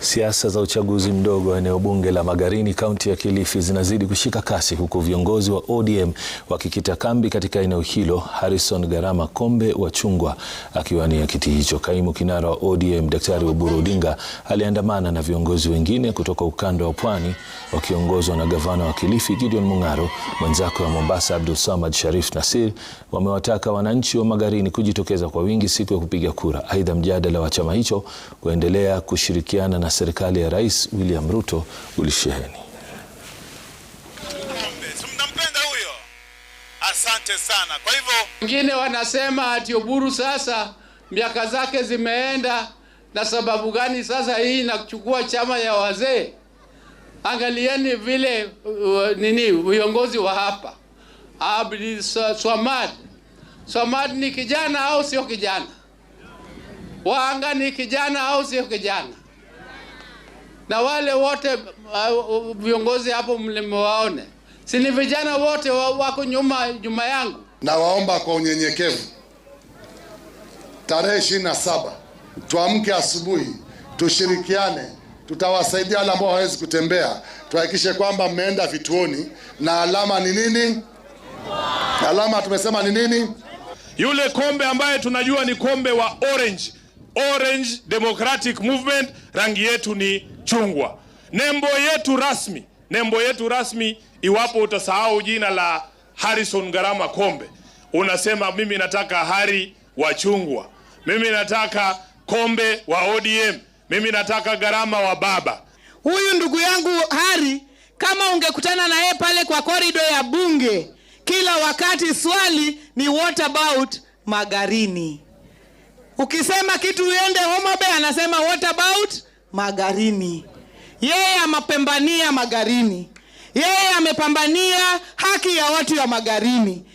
Siasa za uchaguzi mdogo eneo bunge la Magarini kaunti ya Kilifi zinazidi kushika kasi huku viongozi wa ODM wakikita kambi katika eneo hilo, Harrison Garama Kombe wa Chungwa akiwania kiti hicho. Kaimu kinara wa ODM Daktari Oburu Odinga aliandamana na viongozi wengine kutoka ukanda wa Pwani wakiongozwa na gavana wa Kilifi Gideon Mung'aro, Mwenzako wa Mombasa Abdul Samad Sharif Nasir, wamewataka wananchi wa Magarini kujitokeza kwa wingi siku ya kupiga kura. Aidha, mjadala wa chama hicho kuendelea kushirikiana na na serikali ya Rais William Ruto ulisheheni. Mnampenda huyo? Asante sana. Kwa hivyo wengine wanasema ati Oburu sasa miaka zake zimeenda, na sababu gani sasa hii inachukua chama ya wazee? Angalieni vile uh, uh nini viongozi wa hapa Abdi Swamad Swamad ni kijana au sio kijana? Wanga ni kijana au sio kijana? na wale wote uh, uh, viongozi hapo mlimewaone, si ni vijana wote wako nyuma nyuma yangu. Nawaomba kwa unyenyekevu, tarehe ishirini na saba tuamke asubuhi, tushirikiane, tutawasaidia wale ambao hawawezi kutembea. Tuhakikishe kwamba mmeenda vituoni na alama ni nini? Alama tumesema ni nini? Yule kombe ambaye tunajua ni kombe wa orange Orange Democratic Movement, rangi yetu ni chungwa. Nembo yetu rasmi, nembo yetu rasmi, iwapo utasahau jina la Harrison Garama Kombe, unasema mimi nataka Hari wa chungwa, mimi nataka Kombe wa ODM, mimi nataka Garama wa baba. Huyu ndugu yangu Hari, kama ungekutana na yeye pale kwa korido ya bunge, kila wakati swali ni what about Magarini. Ukisema kitu uende Homa Bay, anasema what about Magarini. Yeye amepambania Magarini, yeye amepambania haki ya watu ya Magarini.